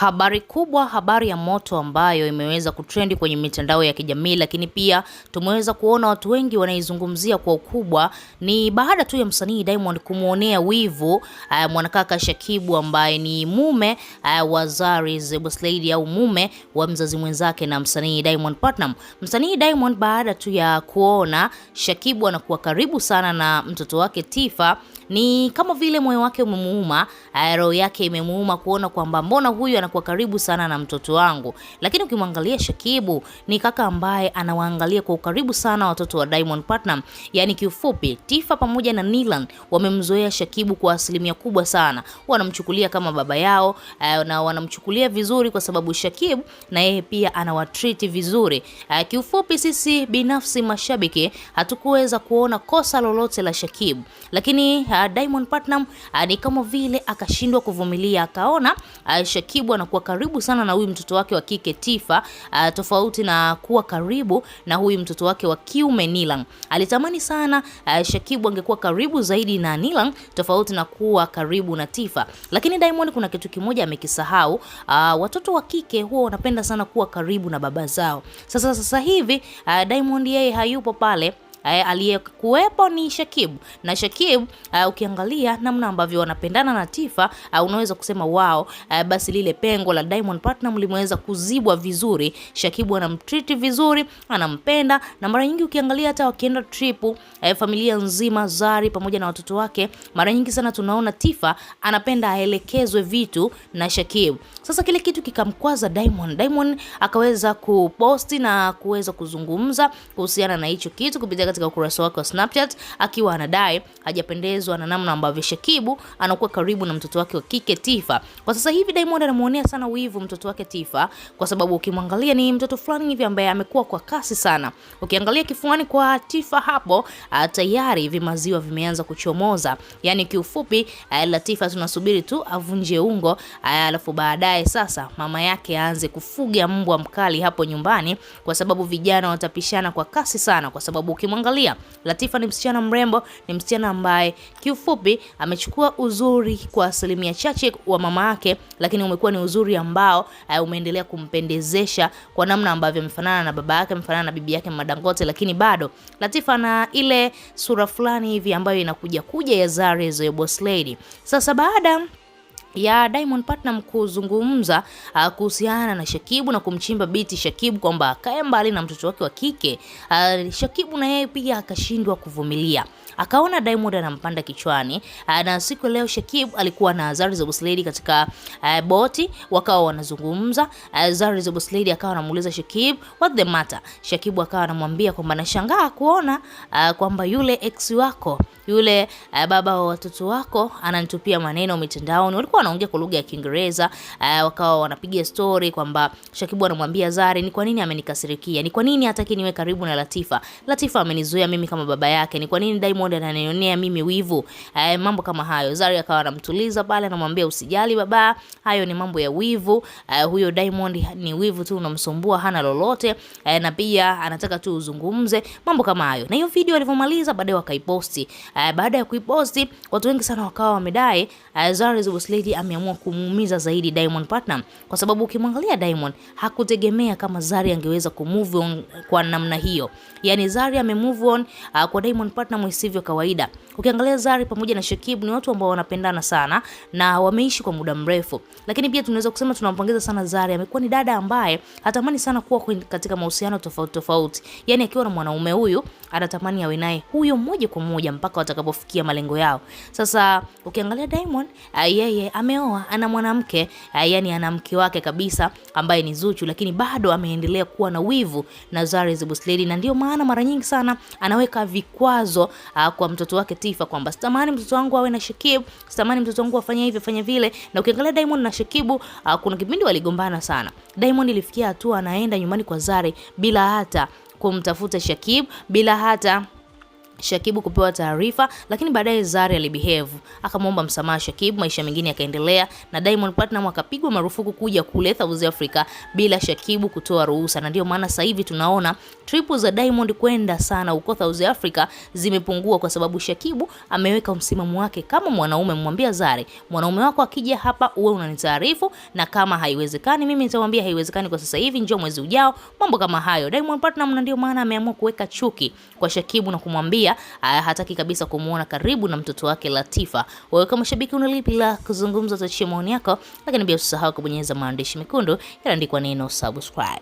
Habari kubwa, habari ya moto ambayo imeweza kutrendi kwenye mitandao ya kijamii, lakini pia tumeweza kuona watu wengi wanaizungumzia kwa ukubwa, ni baada tu ya msanii Diamond kumwonea wivu uh, mwanakaka Shakibu ambaye ni mume uh, wa Zari the Boss Lady au mume wa mzazi mwenzake na msanii Diamond Platinum. Msanii Diamond baada tu ya kuona Shakibu anakuwa karibu sana na mtoto wake Tifa ni kama vile moyo wake umemuuma, eh, roho yake imemuuma kuona kwamba mbona huyu anakuwa karibu sana na mtoto wangu. Lakini ukimwangalia Shakibu ni kaka ambaye anawaangalia kwa ukaribu sana watoto wa Diamond Platnumz. Yani kiufupi, Tifa pamoja na Nilan wamemzoea Shakibu kwa asilimia kubwa sana, wanamchukulia kama baba yao eh, na wanamchukulia vizuri kwa sababu Shakibu na yeye pia anawatreat vizuri. Eh, kiufupi, sisi binafsi mashabiki hatukuweza kuona kosa lolote la Shakibu, lakini uh, Diamond Platinum uh, ni kama vile akashindwa kuvumilia, akaona uh, Shakibu anakuwa karibu sana na huyu mtoto wake wa kike Tifa uh, tofauti na kuwa karibu na huyu mtoto wake wa kiume Nilang. Alitamani sana uh, Shakibu angekuwa karibu zaidi na Nilang tofauti na kuwa karibu na Tifa, lakini Diamond kuna kitu kimoja amekisahau. Uh, watoto wa kike huwa wanapenda sana kuwa karibu na baba zao. Sasa sasa hivi uh, Diamond yeye hayupo pale eh, aliyekuwepo ni Shakib na Shakib eh, ukiangalia namna ambavyo wanapendana na Tifa eh, unaweza kusema wao eh, basi lile pengo la Diamond Platnumz limeweza kuzibwa vizuri. Shakib anamtreat vizuri, anampenda na mara nyingi ukiangalia hata wakienda trip eh, familia nzima Zari pamoja na watoto wake, mara nyingi sana tunaona Tifa anapenda aelekezwe vitu na Shakib. Sasa kile kitu kikamkwaza Diamond. Diamond akaweza kuposti na kuweza kuzungumza kuhusiana na hicho kitu kupitia katika ukurasa wake wa Snapchat akiwa anadai hajapendezwa na namna ambavyo Shekibu anakuwa karibu na mtoto wake wa kike Tifa. Kwa sasa hivi Diamond anamuonea sana wivu mtoto wake Tifa kwa sababu ukimwangalia ni mtoto fulani hivi ambaye amekuwa kwa kasi sana. Ukiangalia kifuani kwa Tifa hapo ah, tayari vimaziwa vimeanza kuchomoza. Yaani kiufupi ah, Latifa tunasubiri tu avunje ungo ah, alafu baadaye sasa mama yake aanze kufuga mbwa mkali hapo nyumbani kwa sababu vijana watapishana kwa kasi sana kwa sababu ukimwangalia Angalia, Latifa ni msichana mrembo, ni msichana ambaye kiufupi amechukua uzuri kwa asilimia chache wa mama yake, lakini umekuwa ni uzuri ambao eh, umeendelea kumpendezesha kwa namna ambavyo amefanana na baba yake, amefanana na bibi yake Madangote, lakini bado Latifa na ile sura fulani hivi ambayo inakuja kuja ya Zari the Boss Lady. Sasa baada ya Diamond Platnumz kuzungumza uh, kuhusiana na Shakibu na kumchimba biti Shakibu kwamba akae mbali na mtoto wake wa kike uh, Shakibu na yeye pia akashindwa kuvumilia akaona Diamond anampanda kichwani ah, na siku leo Shakibu alikuwa na Zari the Boss Lady katika uh, boti wakawa wanazungumza. Uh, Zari the Boss Lady akawa anamuuliza Shakibu what the matter. Shakibu akawa anamwambia kwamba nashangaa kuona uh, kwamba yule ex wako yule uh, baba wa watoto wako ananitupia maneno mitandaoni, walikuwa wanaongea kwa lugha ya Kiingereza uh, wakawa wanapiga story kwamba Shakibu anamwambia Zari, ni kwa nini amenikasirikia? Ni kwa nini hataki niwe karibu na Latifa? Latifa amenizuia mimi kama baba yake. Ni kwa nini Diamond ananionea mimi wivu? Uh, mambo kama hayo. Zari akawa anamtuliza pale, anamwambia usijali baba, hayo ni mambo ya wivu. Uh, huyo Diamond ni wivu tu unamsumbua, hana lolote uh, na pia anataka tu uzungumze mambo kama hayo. Na hiyo video alivyomaliza baadaye wakaiposti. Uh, baada ya kuiposti watu wengi sana wakawa wamedai uh, Zari is jay ameamua kumuumiza zaidi Diamond Platnumz, kwa sababu ukimwangalia Diamond hakutegemea kama Zari angeweza kumove on kwa namna hiyo. Yani Zari amemove on uh, kwa Diamond Platnumz isivyo kawaida. Ukiangalia Zari pamoja na Shakib ni watu ambao wanapendana sana na wameishi kwa muda mrefu, lakini pia tunaweza kusema tunampongeza sana Zari, amekuwa ni dada ambaye hatamani sana kuwa katika mahusiano tofauti tofauti, yani akiwa na mwanaume huyu anatamani awe naye huyo moja kwa moja mpaka watakapofikia malengo yao. Sasa ukiangalia Diamond uh, yeye ameoa, ana mwanamke eh, yani, ana mke wake kabisa ambaye ni Zuchu, lakini bado ameendelea kuwa na wivu na Zari Busledi, na ndio maana mara nyingi sana anaweka vikwazo a, ah, kwa mtoto wake Tifa kwamba sitamani mtoto wangu awe na Shikibu, sitamani mtoto wangu afanye hivi afanye vile. Na ukiangalia Diamond na Shakibu, ah, kuna kipindi waligombana sana. Diamond ilifikia hatua anaenda nyumbani kwa Zari bila hata kumtafuta Shakib bila hata Shakibu kupewa taarifa, lakini baadaye Zari alibehave akamwomba msamaha Shakibu, maisha mengine yakaendelea, na Diamond Platnumz akapigwa marufuku kuja kule South Africa bila Shakibu kutoa ruhusa, na ndio maana sasa hivi tunaona tripu za Diamond kwenda sana huko South Africa zimepungua, kwa sababu Shakibu ameweka msimamo wake kama mwanaume, mwambia Zari, mwanaume wako akija hapa uwe unanitaarifu, na kama haiwezekani mimi nitamwambia haiwezekani kwa sasa hivi, njoo mwezi ujao, mambo kama hayo. Diamond Platnumz ndio maana ameamua kuweka chuki kwa Shakibu na kumwambia pia hataki kabisa kumuona karibu na mtoto wake Latifa. Wewe kama shabiki una lipi la kuzungumza? Tuachie maoni yako, lakini pia usisahau kubonyeza maandishi mekundu yanaandikwa neno subscribe.